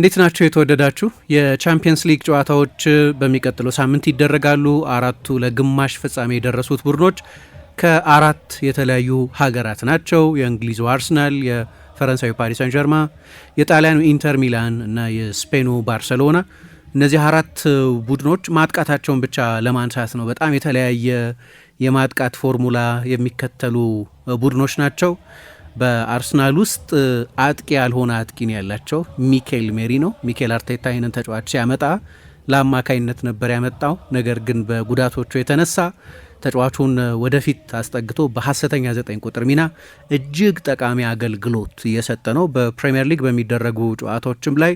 እንዴት ናቸው የተወደዳችሁ? የቻምፒየንስ ሊግ ጨዋታዎች በሚቀጥለው ሳምንት ይደረጋሉ። አራቱ ለግማሽ ፍጻሜ የደረሱት ቡድኖች ከአራት የተለያዩ ሀገራት ናቸው። የእንግሊዙ አርሰናል፣ የፈረንሳዩ ፓሪስ ሳን ጀርማ፣ የጣሊያኑ ኢንተር ሚላን እና የስፔኑ ባርሰሎና። እነዚህ አራት ቡድኖች ማጥቃታቸውን ብቻ ለማንሳት ነው። በጣም የተለያየ የማጥቃት ፎርሙላ የሚከተሉ ቡድኖች ናቸው። በአርሰናል ውስጥ አጥቂ ያልሆነ አጥቂ ነው ያላቸው። ሚኬል ሜሪኖ ሚኬል አርቴታ ይህንን ተጫዋች ሲያመጣ ለአማካይነት ነበር ያመጣው። ነገር ግን በጉዳቶቹ የተነሳ ተጫዋቹን ወደፊት አስጠግቶ በሐሰተኛ ዘጠኝ ቁጥር ሚና እጅግ ጠቃሚ አገልግሎት እየሰጠ ነው። በፕሪምየር ሊግ በሚደረጉ ጨዋታዎችም ላይ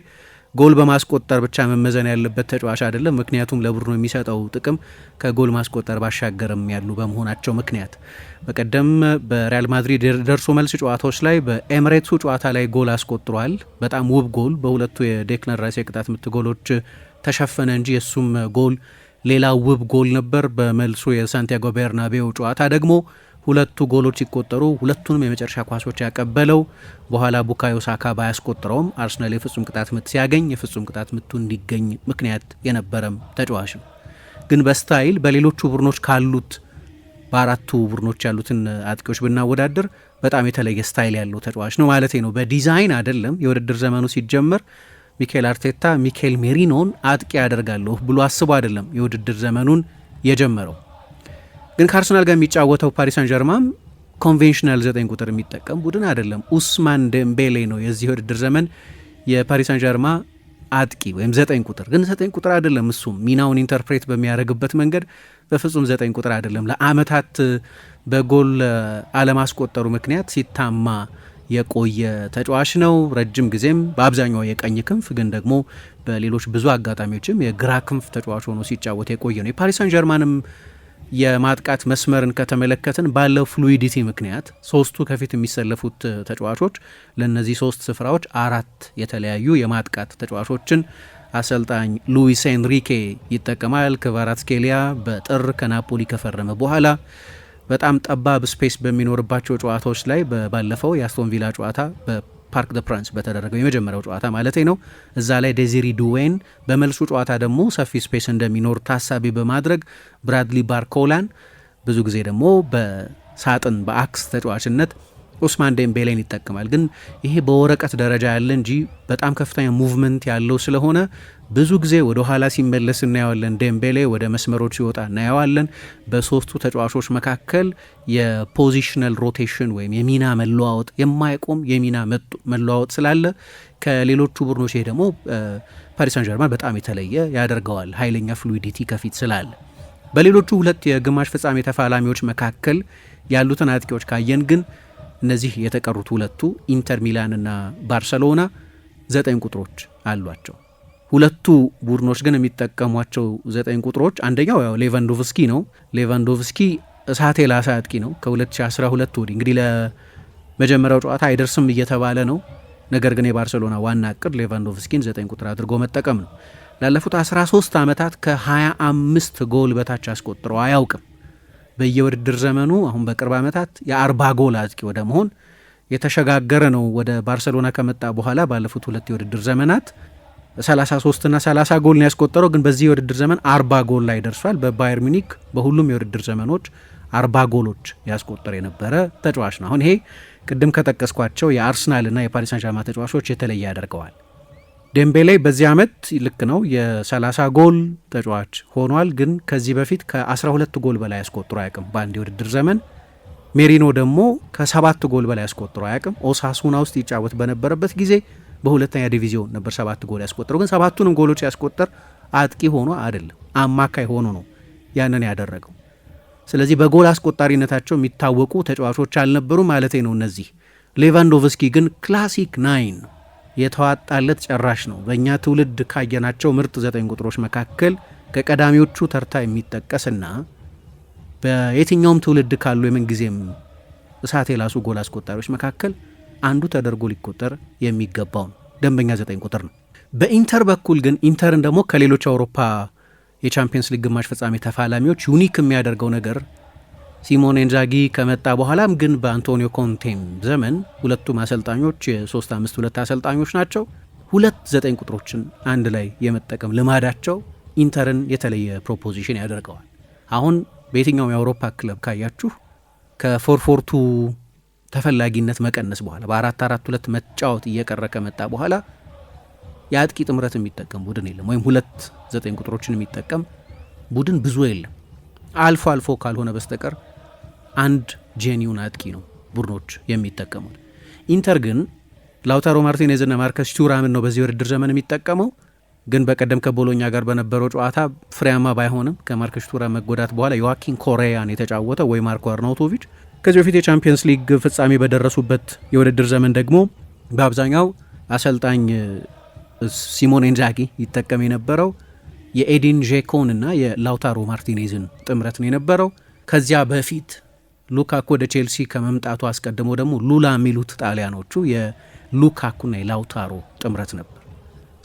ጎል በማስቆጠር ብቻ መመዘን ያለበት ተጫዋች አይደለም። ምክንያቱም ለቡድኑ የሚሰጠው ጥቅም ከጎል ማስቆጠር ባሻገርም ያሉ በመሆናቸው ምክንያት በቀደም በሪያል ማድሪድ ደርሶ መልስ ጨዋታዎች ላይ በኤምሬትሱ ጨዋታ ላይ ጎል አስቆጥሯል። በጣም ውብ ጎል በሁለቱ የዴክለን ራይስ የቅጣት ምት ጎሎች ተሸፈነ እንጂ የእሱም ጎል ሌላ ውብ ጎል ነበር። በመልሱ የሳንቲያጎ ቤርናቤው ጨዋታ ደግሞ ሁለቱ ጎሎች ሲቆጠሩ ሁለቱንም የመጨረሻ ኳሶች ያቀበለው በኋላ ቡካዮ ሳካ ባያስቆጥረውም አርሰናል የፍጹም ቅጣት ምት ሲያገኝ የፍጹም ቅጣት ምቱ እንዲገኝ ምክንያት የነበረም ተጫዋች ነው። ግን በስታይል በሌሎቹ ቡድኖች ካሉት በአራቱ ቡድኖች ያሉትን አጥቂዎች ብናወዳደር በጣም የተለየ ስታይል ያለው ተጫዋች ነው ማለት ነው። በዲዛይን አይደለም። የውድድር ዘመኑ ሲጀመር ሚኬል አርቴታ ሚኬል ሜሪኖን አጥቂ ያደርጋለሁ ብሎ አስቦ አይደለም የውድድር ዘመኑን የጀመረው። ግን ከአርሰናል ጋር የሚጫወተው ፓሪስ ሳን ጀርማም ኮንቬንሽናል ዘጠኝ ቁጥር የሚጠቀም ቡድን አይደለም። ኡስማን ደምቤሌ ነው የዚህ ውድድር ዘመን የፓሪስ ሳን ጀርማ አጥቂ ወይም ዘጠኝ ቁጥር። ግን ዘጠኝ ቁጥር አይደለም። እሱም ሚናውን ኢንተርፕሬት በሚያደርግበት መንገድ በፍጹም ዘጠኝ ቁጥር አይደለም። ለአመታት በጎል አለማስቆጠሩ ምክንያት ሲታማ የቆየ ተጫዋች ነው። ረጅም ጊዜም በአብዛኛው የቀኝ ክንፍ ግን ደግሞ በሌሎች ብዙ አጋጣሚዎችም የግራ ክንፍ ተጫዋች ሆኖ ሲጫወት የቆየ ነው። የፓሪስ ሳን ጀርማንም የማጥቃት መስመርን ከተመለከትን ባለው ፍሉዊዲቲ ምክንያት ሶስቱ ከፊት የሚሰለፉት ተጫዋቾች ለእነዚህ ሶስት ስፍራዎች አራት የተለያዩ የማጥቃት ተጫዋቾችን አሰልጣኝ ሉዊስ ኤንሪኬ ይጠቀማል። ክቫራትስኬሊያ በጥር ከናፖሊ ከፈረመ በኋላ በጣም ጠባብ ስፔስ በሚኖርባቸው ጨዋታዎች ላይ ባለፈው የአስቶንቪላ ጨዋታ ፓርክ ደ ፕራንስ በተደረገው የመጀመሪያው ጨዋታ ማለት ነው። እዛ ላይ ዴዚሪ ዱዌን በመልሱ ጨዋታ ደግሞ ሰፊ ስፔስ እንደሚኖር ታሳቢ በማድረግ ብራድሊ ባርኮላን ብዙ ጊዜ ደግሞ በሳጥን በአክስ ተጫዋችነት ኦስማን ዴምቤሌን ይጠቅማል። ግን ይሄ በወረቀት ደረጃ ያለ እንጂ በጣም ከፍተኛ ሙቭመንት ያለው ስለሆነ ብዙ ጊዜ ወደ ኋላ ሲመለስ እናየዋለን። ዴምቤሌ ወደ መስመሮች ሲወጣ እናየዋለን። በሶስቱ ተጫዋቾች መካከል የፖዚሽናል ሮቴሽን ወይም የሚና መለዋወጥ የማይቆም የሚና መለዋወጥ ስላለ ከሌሎቹ ቡድኖች ይሄ ደግሞ ፓሪስ ሳን ጀርማን በጣም የተለየ ያደርገዋል። ኃይለኛ ፍሉዲቲ ከፊት ስላለ በሌሎቹ ሁለት የግማሽ ፍጻሜ ተፋላሚዎች መካከል ያሉትን አጥቂዎች ካየን ግን እነዚህ የተቀሩት ሁለቱ ኢንተር ሚላንና ባርሰሎና ዘጠኝ ቁጥሮች አሏቸው። ሁለቱ ቡድኖች ግን የሚጠቀሟቸው ዘጠኝ ቁጥሮች አንደኛው ያው ሌቫንዶቭስኪ ነው። ሌቫንዶቭስኪ እሳት ላሳ አጥቂ ነው። ከ2012 ወዲህ እንግዲህ ለመጀመሪያው ጨዋታ አይደርስም እየተባለ ነው። ነገር ግን የባርሰሎና ዋና እቅድ ሌቫንዶቭስኪን ዘጠኝ ቁጥር አድርጎ መጠቀም ነው። ላለፉት 13 ዓመታት ከ25 ጎል በታች አስቆጥረው አያውቅም። በየውድድር ዘመኑ አሁን በቅርብ ዓመታት የአርባ ጎል አጥቂ ወደ መሆን የተሸጋገረ ነው። ወደ ባርሰሎና ከመጣ በኋላ ባለፉት ሁለት የውድድር ዘመናት 33 እና 30 ጎል ነው ያስቆጠረው፣ ግን በዚህ የውድድር ዘመን አርባ ጎል ላይ ደርሷል። በባየር ሚኒክ በሁሉም የውድድር ዘመኖች አርባ ጎሎች ያስቆጠረ የነበረ ተጫዋች ነው። አሁን ይሄ ቅድም ከጠቀስኳቸው የአርሰናልና እና የፓሪስ ሳን ተጫዋቾች የተለየ ያደርገዋል። ዴምቤሌ በዚህ ዓመት ልክ ነው የ30 ጎል ተጫዋች ሆኗል። ግን ከዚህ በፊት ከ12 ጎል በላይ አስቆጥሮ አያውቅም በአንድ የውድድር ዘመን። ሜሪኖ ደግሞ ከሰባት ጎል በላይ አስቆጥሮ አያውቅም። ኦሳሱና ውስጥ ይጫወት በነበረበት ጊዜ በሁለተኛ ዲቪዚዮን ነበር ሰባት ጎል ያስቆጠረው። ግን ሰባቱንም ጎሎች ያስቆጠር አጥቂ ሆኖ አይደለም አማካይ ሆኖ ነው ያንን ያደረገው። ስለዚህ በጎል አስቆጣሪነታቸው የሚታወቁ ተጫዋቾች አልነበሩ ማለት ነው እነዚህ። ሌቫንዶቭስኪ ግን ክላሲክ ናይን ነው የተዋጣለት ጨራሽ ነው። በእኛ ትውልድ ካየናቸው ምርጥ ዘጠኝ ቁጥሮች መካከል ከቀዳሚዎቹ ተርታ የሚጠቀስና በየትኛውም ትውልድ ካሉ የምንጊዜም እሳት የላሱ ጎል አስቆጣሪዎች መካከል አንዱ ተደርጎ ሊቆጠር የሚገባው ነው። ደንበኛ ዘጠኝ ቁጥር ነው። በኢንተር በኩል ግን ኢንተርን ደግሞ ከሌሎች አውሮፓ የቻምፒየንስ ሊግ ግማሽ ፍጻሜ ተፋላሚዎች ዩኒክ የሚያደርገው ነገር ሲሞኔ ኢንዛጊ ከመጣ በኋላም ግን በአንቶኒዮ ኮንቴም ዘመን ሁለቱም አሰልጣኞች የሶስት አምስት ሁለት አሰልጣኞች ናቸው። ሁለት ዘጠኝ ቁጥሮችን አንድ ላይ የመጠቀም ልማዳቸው ኢንተርን የተለየ ፕሮፖዚሽን ያደርገዋል። አሁን በየትኛውም የአውሮፓ ክለብ ካያችሁ ከፎርፎርቱ ተፈላጊነት መቀነስ በኋላ በአራት አራት ሁለት መጫወት እየቀረ ከመጣ በኋላ የአጥቂ ጥምረት የሚጠቀም ቡድን የለም፣ ወይም ሁለት ዘጠኝ ቁጥሮችን የሚጠቀም ቡድን ብዙ የለም አልፎ አልፎ ካልሆነ በስተቀር አንድ ጄኒውን አጥቂ ነው ቡድኖች የሚጠቀሙት። ኢንተር ግን ላውታሮ ማርቲኔዝና ማርከስ ቱራምን ነው በዚህ ውድድር ዘመን የሚጠቀመው። ግን በቀደም ከቦሎኛ ጋር በነበረው ጨዋታ ፍሬያማ ባይሆንም ከማርከስ ቱራም መጎዳት በኋላ ዮዋኪን ኮሪያን የተጫወተው ወይ ማርኮ አርናውቶቪች ከዚህ በፊት የቻምፒየንስ ሊግ ፍጻሜ በደረሱበት የውድድር ዘመን ደግሞ በአብዛኛው አሰልጣኝ ሲሞን ኢንዛጊ ይጠቀም የነበረው የኤዲን ዤኮን እና የላውታሮ ማርቲኔዝን ጥምረት ነው የነበረው። ከዚያ በፊት ሉካኩ ወደ ቼልሲ ከመምጣቱ አስቀድሞ ደግሞ ሉላ የሚሉት ጣሊያኖቹ የሉካኩና የላውታሮ ጥምረት ነበር።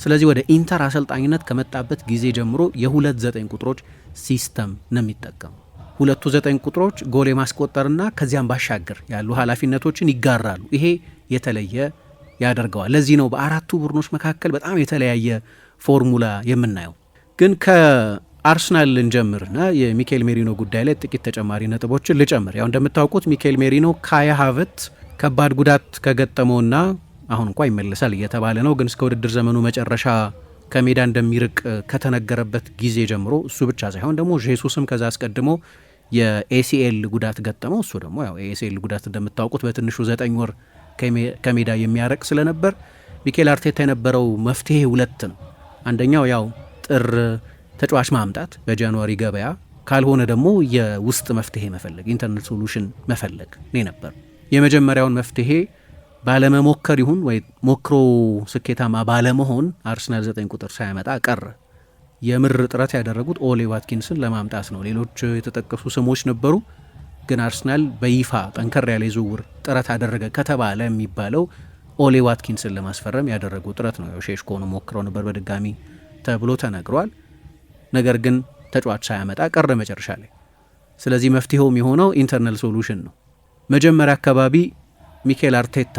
ስለዚህ ወደ ኢንተር አሰልጣኝነት ከመጣበት ጊዜ ጀምሮ የሁለት ዘጠኝ ቁጥሮች ሲስተም ነው የሚጠቀሙ። ሁለቱ ዘጠኝ ቁጥሮች ጎል የማስቆጠርና ከዚያም ባሻገር ያሉ ኃላፊነቶችን ይጋራሉ። ይሄ የተለየ ያደርገዋል። ለዚህ ነው በአራቱ ቡድኖች መካከል በጣም የተለያየ ፎርሙላ የምናየው። ግን ከ ልንጀምር ጀምርና የሚካኤል ሜሪኖ ጉዳይ ላይ ጥቂት ተጨማሪ ነጥቦችን ልጨምር። ያው እንደምታውቁት ሚካኤል ሜሪኖ ካያ ሀቨት ከባድ ጉዳት ከገጠመውና አሁን እንኳ ይመለሳል እየተባለ ነው፣ ግን እስከ ውድድር ዘመኑ መጨረሻ ከሜዳ እንደሚርቅ ከተነገረበት ጊዜ ጀምሮ እሱ ብቻ ሳይሆን ደግሞ ጄሱስም ከዛ አስቀድሞ የኤሲኤል ጉዳት ገጠመው። እሱ ደግሞ ያው ኤሲኤል ጉዳት እንደምታውቁት በትንሹ ዘጠኝ ወር ከሜዳ የሚያረቅ ስለነበር ሚኬል አርቴታ የነበረው መፍትሄ ሁለት ነው። አንደኛው ያው ጥር ተጫዋች ማምጣት በጃንዋሪ ገበያ ካልሆነ ደግሞ የውስጥ መፍትሄ መፈለግ ኢንተርናል ሶሉሽን መፈለግ ነው ነበር። የመጀመሪያውን መፍትሄ ባለመሞከር ይሁን ወይ ሞክሮ ስኬታማ ባለመሆን አርሰናል ዘጠኝ ቁጥር ሳያመጣ ቀረ። የምር ጥረት ያደረጉት ኦሌ ዋትኪንስን ለማምጣት ነው። ሌሎች የተጠቀሱ ስሞች ነበሩ፣ ግን አርሰናል በይፋ ጠንከር ያለ ዝውውር ጥረት አደረገ ከተባለ የሚባለው ኦሌ ዋትኪንስን ለማስፈረም ያደረጉ ጥረት ነው። ከሆኑ ሞክረው ነበር በድጋሚ ተብሎ ተነግሯል። ነገር ግን ተጫዋች ሳያመጣ ቀረ መጨረሻ ላይ። ስለዚህ መፍትሄው የሚሆነው ኢንተርናል ሶሉሽን ነው። መጀመሪያ አካባቢ ሚኬል አርቴታ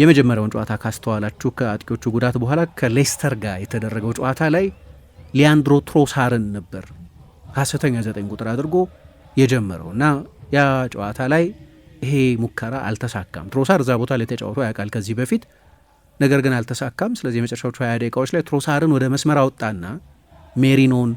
የመጀመሪያውን ጨዋታ ካስተዋላችሁ ከአጥቂዎቹ ጉዳት በኋላ ከሌስተር ጋር የተደረገው ጨዋታ ላይ ሊያንድሮ ትሮሳርን ነበር ሀሰተኛ ዘጠኝ ቁጥር አድርጎ የጀመረው እና ያ ጨዋታ ላይ ይሄ ሙከራ አልተሳካም። ትሮሳር እዛ ቦታ ላይ ተጫውቶ ያውቃል ከዚህ በፊት ነገር ግን አልተሳካም። ስለዚህ የመጨረሻዎቹ 20 ደቂቃዎች ላይ ትሮሳርን ወደ መስመር አወጣና ሜሪኖን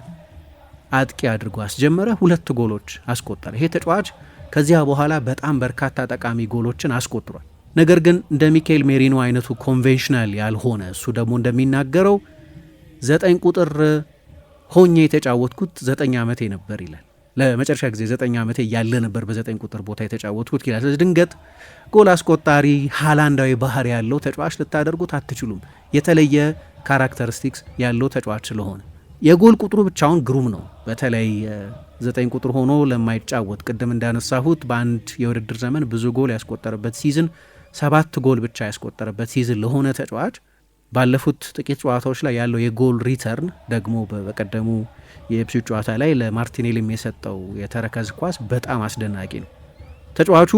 አጥቂ አድርጎ አስጀመረ። ሁለት ጎሎች አስቆጠረ። ይሄ ተጫዋች ከዚያ በኋላ በጣም በርካታ ጠቃሚ ጎሎችን አስቆጥሯል። ነገር ግን እንደ ሚካኤል ሜሪኖ አይነቱ ኮንቬንሽናል ያልሆነ እሱ ደግሞ እንደሚናገረው ዘጠኝ ቁጥር ሆኜ የተጫወትኩት ዘጠኝ ዓመቴ ነበር ይላል። ለመጨረሻ ጊዜ ዘጠኝ ዓመቴ እያለ ነበር በዘጠኝ ቁጥር ቦታ የተጫወትኩት ይላል። ስለዚህ ድንገት ጎል አስቆጣሪ ሃላንዳዊ ባህሪ ያለው ተጫዋች ልታደርጉት አትችሉም፣ የተለየ ካራክተሪስቲክስ ያለው ተጫዋች ስለሆነ የጎል ቁጥሩ ብቻውን ግሩም ነው። በተለይ ዘጠኝ ቁጥር ሆኖ ለማይጫወት ቅድም እንዳነሳሁት በአንድ የውድድር ዘመን ብዙ ጎል ያስቆጠረበት ሲዝን ሰባት ጎል ብቻ ያስቆጠረበት ሲዝን ለሆነ ተጫዋች ባለፉት ጥቂት ጨዋታዎች ላይ ያለው የጎል ሪተርን ደግሞ በቀደሙ የኢፕስዊች ጨዋታ ላይ ለማርቲኔሊም የሰጠው የተረከዝ ኳስ በጣም አስደናቂ ነው። ተጫዋቹ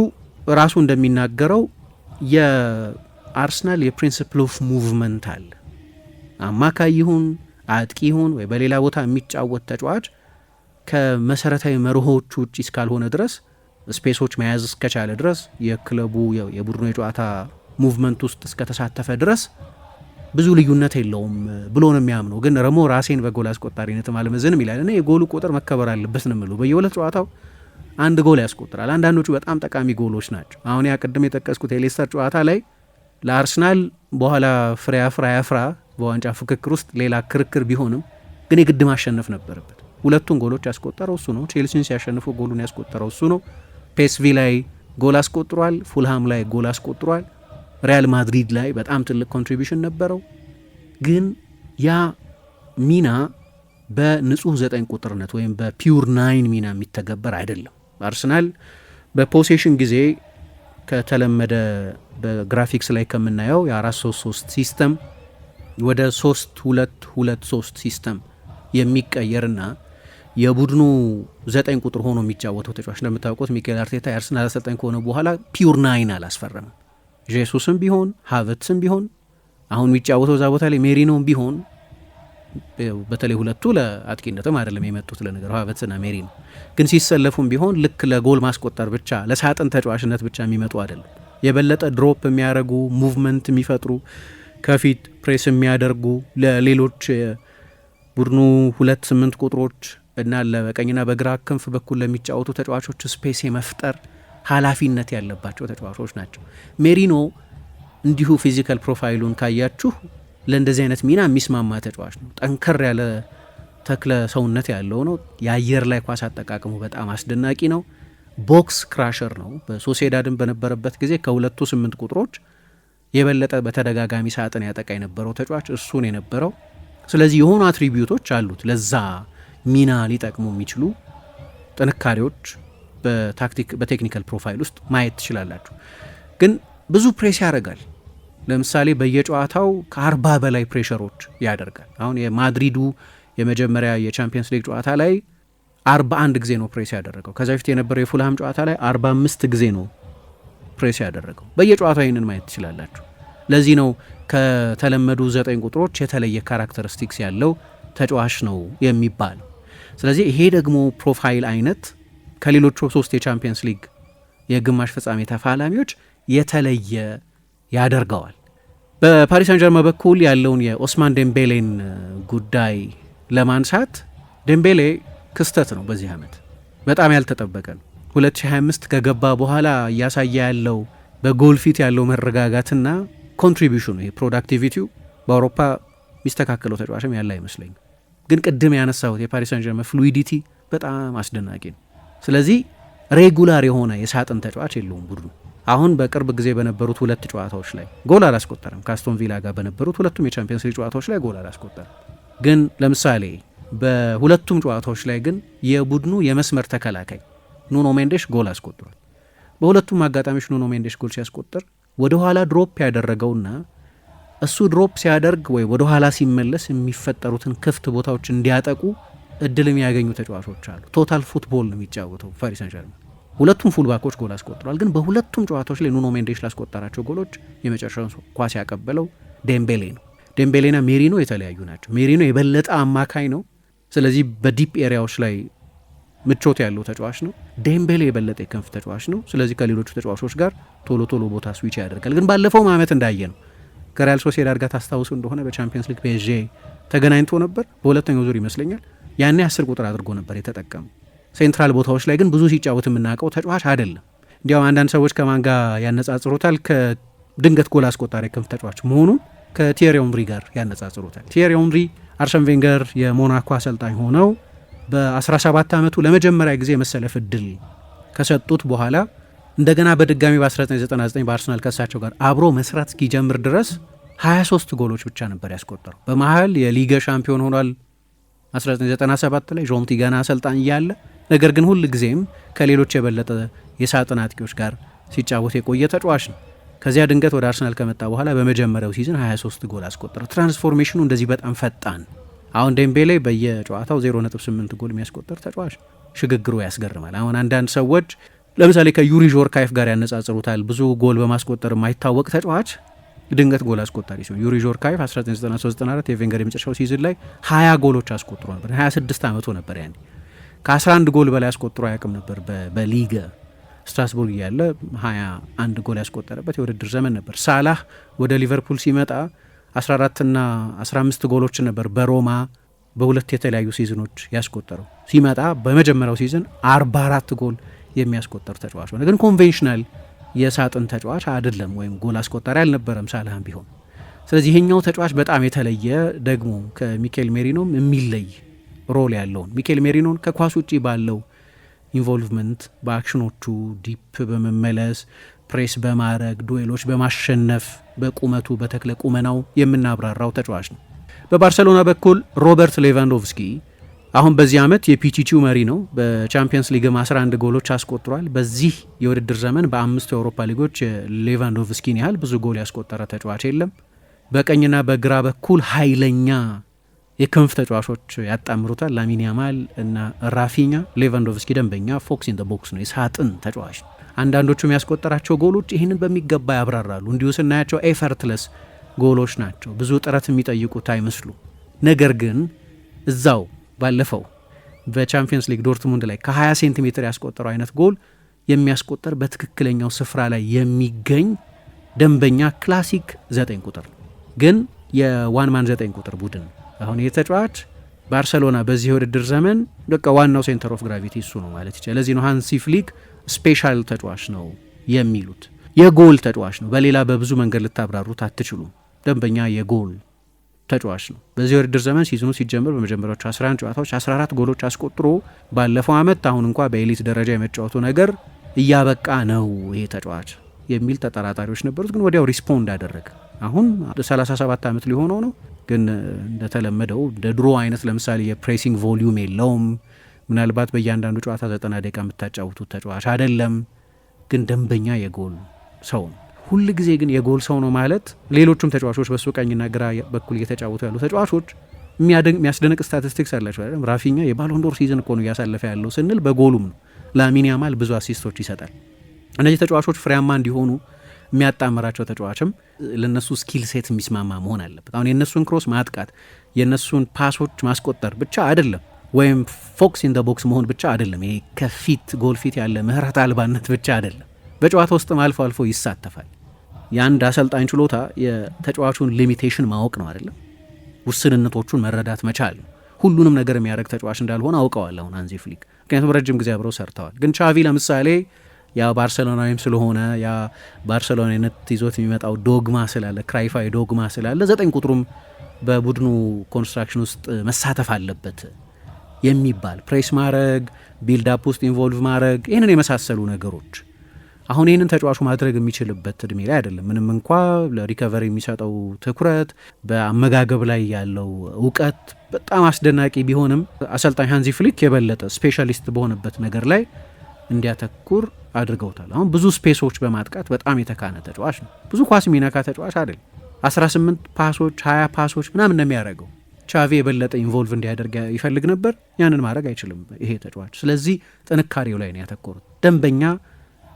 ራሱ እንደሚናገረው የአርሰናል የፕሪንስፕል ኦፍ ሙቭመንት አለ አማካይ ይሁን አጥቂ ይሁን ወይ በሌላ ቦታ የሚጫወት ተጫዋች ከመሰረታዊ መርሆች ውጭ እስካልሆነ ድረስ ስፔሶች መያዝ እስከቻለ ድረስ የክለቡ የቡድኑ የጨዋታ ሙቭመንት ውስጥ እስከተሳተፈ ድረስ ብዙ ልዩነት የለውም ብሎ ነው የሚያምነው። ግን ረሞ ራሴን በጎል አስቆጣሪነት አልመዝንም ይላል እና የጎሉ ቁጥር መከበር አለበት ነው የምለው። በየሁለት ጨዋታው አንድ ጎል ያስቆጥራል። አንዳንዶቹ በጣም ጠቃሚ ጎሎች ናቸው። አሁን ያ ቅድም የጠቀስኩት የሌስተር ጨዋታ ላይ ለአርሰናል በኋላ ፍሬ አፍራ ያፍራ በዋንጫ ፍክክር ውስጥ ሌላ ክርክር ቢሆንም ግን የግድ ማሸነፍ ነበረበት። ሁለቱን ጎሎች ያስቆጠረው እሱ ነው። ቼልሲን ሲያሸንፉ ጎሉን ያስቆጠረው እሱ ነው። ፔስቪ ላይ ጎል አስቆጥሯል። ፉልሃም ላይ ጎል አስቆጥሯል። ሪያል ማድሪድ ላይ በጣም ትልቅ ኮንትሪቢሽን ነበረው። ግን ያ ሚና በንጹህ ዘጠኝ ቁጥርነት ወይም በፒውር ናይን ሚና የሚተገበር አይደለም። አርሰናል በፖሴሽን ጊዜ ከተለመደ በግራፊክስ ላይ ከምናየው የ433 ሲስተም ወደ ሶስት ሁለት ሁለት ሶስት ሲስተም የሚቀየርና የቡድኑ ዘጠኝ ቁጥር ሆኖ የሚጫወተው ተጫዋች እንደምታውቁት ሚካኤል አርቴታ የአርሰናል አሰልጣኝ ከሆነ በኋላ ፒውር ናይን አላስፈረም። ጄሱስም ቢሆን ሀቨትስም ቢሆን አሁን የሚጫወተው እዛ ቦታ ላይ ሜሪኖም ቢሆን በተለይ ሁለቱ ለአጥቂነትም አይደለም የመጡት ለነገሩ ሀቨትስና ሜሪኖ ግን ሲሰለፉም ቢሆን ልክ ለጎል ማስቆጠር ብቻ ለሳጥን ተጫዋችነት ብቻ የሚመጡ አይደለም። የበለጠ ድሮፕ የሚያደርጉ ሙቭመንት የሚፈጥሩ ከፊት ፕሬስ የሚያደርጉ ለሌሎች ቡድኑ ሁለት ስምንት ቁጥሮች እና ለቀኝና በግራ ክንፍ በኩል ለሚጫወቱ ተጫዋቾች ስፔስ የመፍጠር ኃላፊነት ያለባቸው ተጫዋቾች ናቸው። ሜሪኖ እንዲሁ ፊዚካል ፕሮፋይሉን ካያችሁ ለእንደዚህ አይነት ሚና የሚስማማ ተጫዋች ነው። ጠንከር ያለ ተክለ ሰውነት ያለው ነው። የአየር ላይ ኳስ አጠቃቀሙ በጣም አስደናቂ ነው። ቦክስ ክራሸር ነው። በሶሴዳድን በነበረበት ጊዜ ከሁለቱ ስምንት ቁጥሮች የበለጠ በተደጋጋሚ ሳጥን ያጠቃ የነበረው ተጫዋች እሱን የነበረው። ስለዚህ የሆኑ አትሪቢዩቶች አሉት ለዛ ሚና ሊጠቅሙ የሚችሉ ጥንካሬዎች በታክቲክ በቴክኒካል ፕሮፋይል ውስጥ ማየት ትችላላችሁ። ግን ብዙ ፕሬስ ያደርጋል። ለምሳሌ በየጨዋታው ከአርባ በላይ ፕሬሸሮች ያደርጋል። አሁን የማድሪዱ የመጀመሪያ የቻምፒየንስ ሊግ ጨዋታ ላይ አርባ አንድ ጊዜ ነው ፕሬስ ያደረገው። ከዚ በፊት የነበረው የፉልሃም ጨዋታ ላይ አርባ አምስት ጊዜ ነው ፕሬስ ያደረገው። በየጨዋታ ይህንን ማየት ትችላላችሁ። ለዚህ ነው ከተለመዱ ዘጠኝ ቁጥሮች የተለየ ካራክተሪስቲክስ ያለው ተጫዋች ነው የሚባለው። ስለዚህ ይሄ ደግሞ ፕሮፋይል አይነት ከሌሎቹ ሶስት የቻምፒየንስ ሊግ የግማሽ ፍጻሜ ተፋላሚዎች የተለየ ያደርገዋል። በፓሪስ አንጀርማ በኩል ያለውን የኦስማን ደምቤሌን ጉዳይ ለማንሳት ደምቤሌ ክስተት ነው። በዚህ ዓመት በጣም ያልተጠበቀ ነው። 2025 ከገባ በኋላ እያሳየ ያለው በጎልፊት ያለው መረጋጋትና ኮንትሪቢሽኑ ይሄ ፕሮዳክቲቪቲው በአውሮፓ የሚስተካከለው ተጫዋችም ያለ አይመስለኝ። ግን ቅድም ያነሳሁት የፓሪስ ሳን ጀርመን ፍሉዊዲቲ በጣም አስደናቂ ነው። ስለዚህ ሬጉላር የሆነ የሳጥን ተጫዋች የለውም ቡድኑ። አሁን በቅርብ ጊዜ በነበሩት ሁለት ጨዋታዎች ላይ ጎል አላስቆጠረም። ከአስቶን ቪላ ጋር በነበሩት ሁለቱም የቻምፒየንስ ሊግ ጨዋታዎች ላይ ጎል አላስቆጠረም። ግን ለምሳሌ በሁለቱም ጨዋታዎች ላይ ግን የቡድኑ የመስመር ተከላካይ ኑኖ ሜንዴሽ ጎል አስቆጥሯል። በሁለቱም አጋጣሚዎች ኑኖ ሜንዴሽ ጎል ሲያስቆጥር ወደ ኋላ ድሮፕ ያደረገውና እሱ ድሮፕ ሲያደርግ ወይ ወደ ኋላ ሲመለስ የሚፈጠሩትን ክፍት ቦታዎች እንዲያጠቁ እድል የሚያገኙ ተጫዋቾች አሉ። ቶታል ፉትቦል ነው የሚጫወተው ፓሪስ ሰን ሁለቱም ፉልባኮች ጎል አስቆጥሯል። ግን በሁለቱም ጨዋታዎች ላይ ኑኖ ሜንዴሽ ላስቆጠራቸው ጎሎች የመጨረሻውን ኳስ ያቀበለው ዴምቤሌ ነው። ዴምቤሌና ሜሪኖ የተለያዩ ናቸው። ሜሪኖ የበለጠ አማካይ ነው። ስለዚህ በዲፕ ኤሪያዎች ላይ ምቾት ያለው ተጫዋች ነው። ዴምቤሌ የበለጠ የክንፍ ተጫዋች ነው። ስለዚህ ከሌሎቹ ተጫዋቾች ጋር ቶሎ ቶሎ ቦታ ስዊች ያደርጋል። ግን ባለፈው ዓመት እንዳየ ነው ከሪያል ሶሴዳድ ጋር ታስታውሱ እንደሆነ በቻምፒየንስ ሊግ ፔዥ ተገናኝቶ ነበር። በሁለተኛው ዙር ይመስለኛል ያኔ አስር ቁጥር አድርጎ ነበር የተጠቀሙ። ሴንትራል ቦታዎች ላይ ግን ብዙ ሲጫወት የምናውቀው ተጫዋች አይደለም። እንዲያው አንዳንድ ሰዎች ከማን ጋር ያነጻጽሮታል? ከድንገት ጎል አስቆጣሪ ክንፍ ተጫዋች መሆኑን ከቲየሪ ኦንሪ ጋር ያነጻጽሮታል። ቲየሪ ኦንሪ አርሰን ቬንገር የሞናኮ አሰልጣኝ ሆነው በ17 ዓመቱ ለመጀመሪያ ጊዜ መሰለፍ እድል ከሰጡት በኋላ እንደገና በድጋሚ በ1999 በአርሰናል ከሳቸው ጋር አብሮ መስራት እስኪጀምር ድረስ 23 ጎሎች ብቻ ነበር ያስቆጠረው። በመሀል የሊገ ሻምፒዮን ሆኗል 1997 ላይ ዦንቲ ገና አሰልጣኝ እያለ። ነገር ግን ሁል ጊዜም ከሌሎች የበለጠ የሳጥን አጥቂዎች ጋር ሲጫወት የቆየ ተጫዋች ነው። ከዚያ ድንገት ወደ አርሰናል ከመጣ በኋላ በመጀመሪያው ሲዝን 23 ጎል አስቆጠረ። ትራንስፎርሜሽኑ እንደዚህ በጣም ፈጣን አሁን ዴምቤሌ በየጨዋታው 0.8 ጎል የሚያስቆጠር ተጫዋች ነው። ሽግግሩ ያስገርማል። አሁን አንዳንድ ሰዎች ለምሳሌ ከዩሪ ዦርካይፍ ጋር ያነጻጽሩታል። ብዙ ጎል በማስቆጠር የማይታወቅ ተጫዋች ድንገት ጎል አስቆጣሪ ሲሆን ዩሪ ዦርካይፍ 1994 የቬንገር የመጨረሻው ሲዝን ላይ 20 ጎሎች አስቆጥሮ ነበር። 26 ዓመቱ ነበር ያኔ። ከ11 ጎል በላይ አስቆጥሮ አያውቅም ነበር በሊገ ስትራስቡርግ ያለ 21 ጎል ያስቆጠረበት የውድድር ዘመን ነበር። ሳላህ ወደ ሊቨርፑል ሲመጣ 14ና 15 ጎሎች ነበር በሮማ በሁለት የተለያዩ ሲዝኖች ያስቆጠረው። ሲመጣ በመጀመሪያው ሲዝን 44 ጎል የሚያስቆጠር ተጫዋች ሆነ። ግን ኮንቬንሽናል የሳጥን ተጫዋች አይደለም፣ ወይም ጎል አስቆጠሪ አልነበረም ሳልህም ቢሆን። ስለዚህ ይሄኛው ተጫዋች በጣም የተለየ ደግሞ ከሚኬል ሜሪኖም የሚለይ ሮል ያለውን ሚኬል ሜሪኖን ከኳስ ውጭ ባለው ኢንቮልቭመንት በአክሽኖቹ ዲፕ በመመለስ ፕሬስ በማድረግ ዱዌሎች በማሸነፍ በቁመቱ በተክለ ቁመናው የምናብራራው ተጫዋች ነው። በባርሰሎና በኩል ሮበርት ሌቫንዶቭስኪ አሁን በዚህ ዓመት የፒቺቺው መሪ ነው። በቻምፒየንስ ሊግም 11 ጎሎች አስቆጥሯል። በዚህ የውድድር ዘመን በአምስቱ የአውሮፓ ሊጎች ሌቫንዶቭስኪን ያህል ብዙ ጎል ያስቆጠረ ተጫዋች የለም። በቀኝና በግራ በኩል ኃይለኛ የክንፍ ተጫዋቾች ያጣምሩታል። ላሚን ያማል እና ራፊኛ። ሌቫንዶቭስኪ ደንበኛ ፎክስ ኢን ቦክስ ነው፣ የሳጥን ተጫዋች ነው። አንዳንዶቹ የሚያስቆጠራቸው ጎሎች ይህንን በሚገባ ያብራራሉ። እንዲሁ ስናያቸው ኤፈርትለስ ጎሎች ናቸው፣ ብዙ ጥረት የሚጠይቁት አይመስሉ። ነገር ግን እዛው ባለፈው በቻምፒየንስ ሊግ ዶርትሙንድ ላይ ከ20 ሴንቲሜትር ያስቆጠረው አይነት ጎል የሚያስቆጠር በትክክለኛው ስፍራ ላይ የሚገኝ ደንበኛ ክላሲክ ዘጠኝ ቁጥር ግን የዋንማን ዘጠኝ ቁጥር ቡድን አሁን የተጫዋች ባርሰሎና በዚህ የውድድር ዘመን በቃ ዋናው ሴንተር ኦፍ ግራቪቲ እሱ ነው ማለት ይቻላል። ለዚህ ነው ሃንሲ ፍሊክ ስፔሻል ተጫዋች ነው የሚሉት የጎል ተጫዋች ነው። በሌላ በብዙ መንገድ ልታብራሩት አትችሉም። ደንበኛ የጎል ተጫዋች ነው። በዚህ ውድድር ዘመን ሲዝኑ ሲጀምር በመጀመሪያዎቹ 11 ጨዋታዎች 14 ጎሎች አስቆጥሮ ባለፈው ዓመት አሁን እንኳ በኤሊት ደረጃ የመጫወቱ ነገር እያበቃ ነው ይሄ ተጫዋች የሚል ተጠራጣሪዎች ነበሩት፣ ግን ወዲያው ሪስፖንድ አደረገ። አሁን 37 ዓመት ሊሆነው ነው፣ ግን እንደተለመደው እንደ ድሮ አይነት ለምሳሌ የፕሬሲንግ ቮሊዩም የለውም። ምናልባት በእያንዳንዱ ጨዋታ ዘጠና ደቂቃ የምታጫውቱት ተጫዋች አይደለም፣ ግን ደንበኛ የጎል ሰው ነው። ሁል ጊዜ ግን የጎል ሰው ነው ማለት ሌሎቹም ተጫዋቾች በሱ ቀኝና ግራ በኩል እየተጫወቱ ያሉ ተጫዋቾች የሚያስደንቅ ስታቲስቲክስ አላቸው። አይደለም ራፊኛ የባሎንዶር ሲዝን እኮ ነው እያሳለፈ ያለው ስንል በጎሉም ነው። ላሚን ያማል ብዙ አሲስቶች ይሰጣል። እነዚህ ተጫዋቾች ፍሬያማ እንዲሆኑ የሚያጣምራቸው ተጫዋችም ለእነሱ ስኪል ሴት የሚስማማ መሆን አለበት። አሁን የእነሱን ክሮስ ማጥቃት የእነሱን ፓሶች ማስቆጠር ብቻ አይደለም ወይም ፎክስ ኢን ደ ቦክስ መሆን ብቻ አይደለም። ይሄ ከፊት ጎል ፊት ያለ ምህረት አልባነት ብቻ አይደለም። በጨዋታ ውስጥም አልፎ አልፎ ይሳተፋል። የአንድ አሰልጣኝ ችሎታ የተጫዋቹን ሊሚቴሽን ማወቅ ነው አይደለም፣ ውስንነቶቹን መረዳት መቻል ነው። ሁሉንም ነገር የሚያደርግ ተጫዋች እንዳልሆነ አውቀዋል አሁን አንዚ ፍሊክ፣ ምክንያቱም ረጅም ጊዜ አብረው ሰርተዋል። ግን ቻቪ ለምሳሌ ያ ባርሰሎናዊም ስለሆነ ያ ባርሰሎናዊነት ይዞት የሚመጣው ዶግማ ስላለ ክራይፋዊ ዶግማ ስላለ ዘጠኝ ቁጥሩም በቡድኑ ኮንስትራክሽን ውስጥ መሳተፍ አለበት። የሚባል ፕሬስ ማድረግ ቢልዳፕ ውስጥ ኢንቮልቭ ማድረግ ይህንን የመሳሰሉ ነገሮች አሁን ይህንን ተጫዋቹ ማድረግ የሚችልበት እድሜ ላይ አይደለም። ምንም እንኳ ለሪከቨሪ የሚሰጠው ትኩረት፣ በአመጋገብ ላይ ያለው እውቀት በጣም አስደናቂ ቢሆንም አሰልጣኝ ሃንዚ ፍሊክ የበለጠ ስፔሻሊስት በሆነበት ነገር ላይ እንዲያተኩር አድርገውታል። አሁን ብዙ ስፔሶች በማጥቃት በጣም የተካነ ተጫዋች ነው። ብዙ ኳስ የሚነካ ተጫዋች አይደለም። 18 ፓሶች፣ 20 ፓሶች ምናምን ነው የሚያደርገው። ቻቪ የበለጠ ኢንቮልቭ እንዲያደርግ ይፈልግ ነበር። ያንን ማድረግ አይችልም ይሄ ተጫዋች። ስለዚህ ጥንካሬው ላይ ነው ያተኮሩት። ደንበኛ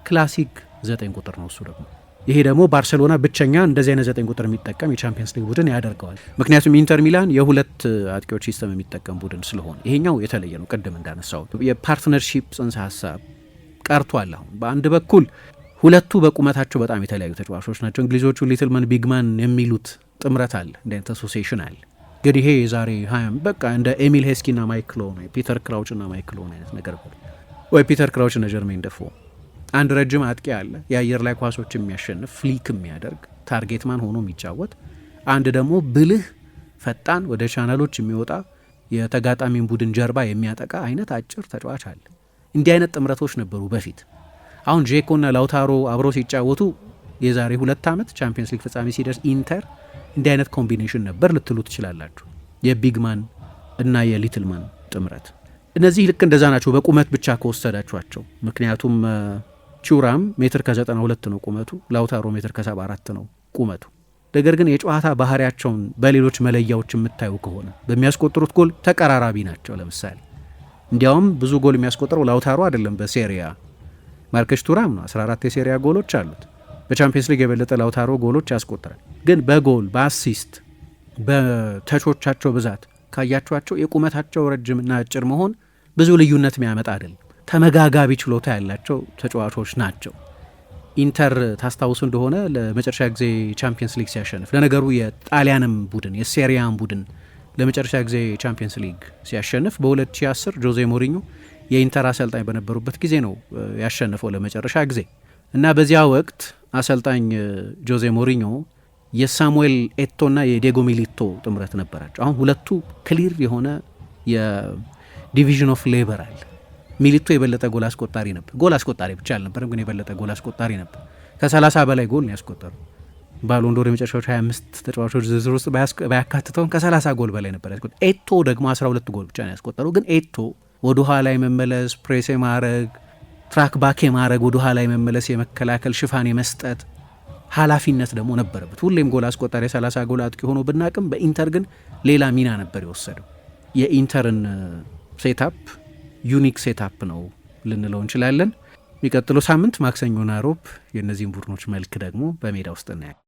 ክላሲክ ዘጠኝ ቁጥር ነው እሱ ደግሞ ይሄ ደግሞ ባርሴሎና ብቸኛ እንደዚህ አይነት ዘጠኝ ቁጥር የሚጠቀም የቻምፒየንስ ሊግ ቡድን ያደርገዋል። ምክንያቱም ኢንተር ሚላን የሁለት አጥቂዎች ሲስተም የሚጠቀም ቡድን ስለሆነ ይሄኛው የተለየ ነው። ቅድም እንዳነሳው የፓርትነርሺፕ ጽንሰ ሀሳብ ቀርቷል። አሁን በአንድ በኩል ሁለቱ በቁመታቸው በጣም የተለያዩ ተጫዋቾች ናቸው። እንግሊዞቹ ሊትልመን ቢግማን የሚሉት ጥምረት አለ፣ እንደ አይነት አሶሲሽን አለ። እንግዲህ ይሄ የዛሬ ሀያም በቃ እንደ ኤሚል ና ማይክሎ ነው ፒተር ና ማይክሎ ነው አይነት ነገር ወይ ፒተር ክራውች እና ጀርሜን ደፎ አንድ ረጅም አጥቂ አለ፣ የአየር ላይ ኳሶች የሚያሸንፍ ፍሊክ የሚያደርግ ታርጌት ማን ሆኖ የሚጫወት አንድ ደግሞ ብልህ ፈጣን ወደ ቻናሎች የሚወጣ የተጋጣሚን ቡድን ጀርባ የሚያጠቃ አይነት አጭር ተጫዋች አለ። እንዲህ አይነት ጥምረቶች ነበሩ በፊት። አሁን ጄኮና ላውታሮ አብረው ሲጫወቱ የዛሬ ሁለት ዓመት ቻምፒየንስ ሊግ ፍጻሜ ሲደርስ ኢንተር እንዲህ አይነት ኮምቢኔሽን ነበር ልትሉ ትችላላችሁ። የቢግማን እና የሊትልማን ጥምረት እነዚህ ልክ እንደዛ ናቸው በቁመት ብቻ ከወሰዳችኋቸው። ምክንያቱም ቹራም ሜትር ከ92 ነው ቁመቱ፣ ላውታሮ ሜትር ከ74 ነው ቁመቱ። ነገር ግን የጨዋታ ባህሪያቸውን በሌሎች መለያዎች የምታዩ ከሆነ በሚያስቆጥሩት ጎል ተቀራራቢ ናቸው። ለምሳሌ እንዲያውም ብዙ ጎል የሚያስቆጥረው ላውታሮ አይደለም፣ በሴሪያ ማርከሽ ቱራም ነው። 14 የሴሪያ ጎሎች አሉት። በቻምፒየንስ ሊግ የበለጠ ላውታሮ ጎሎች ያስቆጥራል። ግን በጎል በአሲስት በተቾቻቸው ብዛት ካያቸዋቸው የቁመታቸው ረጅምና አጭር መሆን ብዙ ልዩነት የሚያመጣ አይደለም። ተመጋጋቢ ችሎታ ያላቸው ተጫዋቾች ናቸው። ኢንተር ታስታውሱ እንደሆነ ለመጨረሻ ጊዜ ቻምፒየንስ ሊግ ሲያሸንፍ፣ ለነገሩ የጣሊያንም ቡድን የሴሪያን ቡድን ለመጨረሻ ጊዜ ቻምፒየንስ ሊግ ሲያሸንፍ በ2010 ጆዜ ሞሪኞ የኢንተር አሰልጣኝ በነበሩበት ጊዜ ነው ያሸነፈው ለመጨረሻ ጊዜ እና በዚያ ወቅት አሰልጣኝ ጆዜ ሞሪኞ የሳሙኤል ኤቶና የዲጎ ሚሊቶ ጥምረት ነበራቸው። አሁን ሁለቱ ክሊር የሆነ የዲቪዥን ኦፍ ሌበር አለ። ሚሊቶ የበለጠ ጎል አስቆጣሪ ነበር። ጎል አስቆጣሪ ብቻ አልነበረም፣ ግን የበለጠ ጎል አስቆጣሪ ነበር። ከ30 በላይ ጎል ነው ያስቆጠረው። ባሎንዶር የመጨረሻዎች 25 ተጫዋቾች ዝርዝር ውስጥ ባያካትተውም ከ30 ጎል በላይ ነበር ያስቆጠረው። ኤቶ ደግሞ 12 ጎል ብቻ ነው ያስቆጠረው። ግን ኤቶ ወደ ኋላ የመመለስ ፕሬሴ ማድረግ ትራክ ባክ የማድረግ ወደ ኋላ የመመለስ የመከላከል ሽፋን የመስጠት ኃላፊነት ደግሞ ነበረበት። ሁሌም ጎል አስቆጣሪ 30 ጎል አጥቂ ሆኖ ብናቅም በኢንተር ግን ሌላ ሚና ነበር የወሰደው። የኢንተርን ሴታፕ ዩኒክ ሴታፕ ነው ልንለው እንችላለን። የሚቀጥለው ሳምንት ማክሰኞና ሮብ የእነዚህን ቡድኖች መልክ ደግሞ በሜዳ ውስጥ እናያል።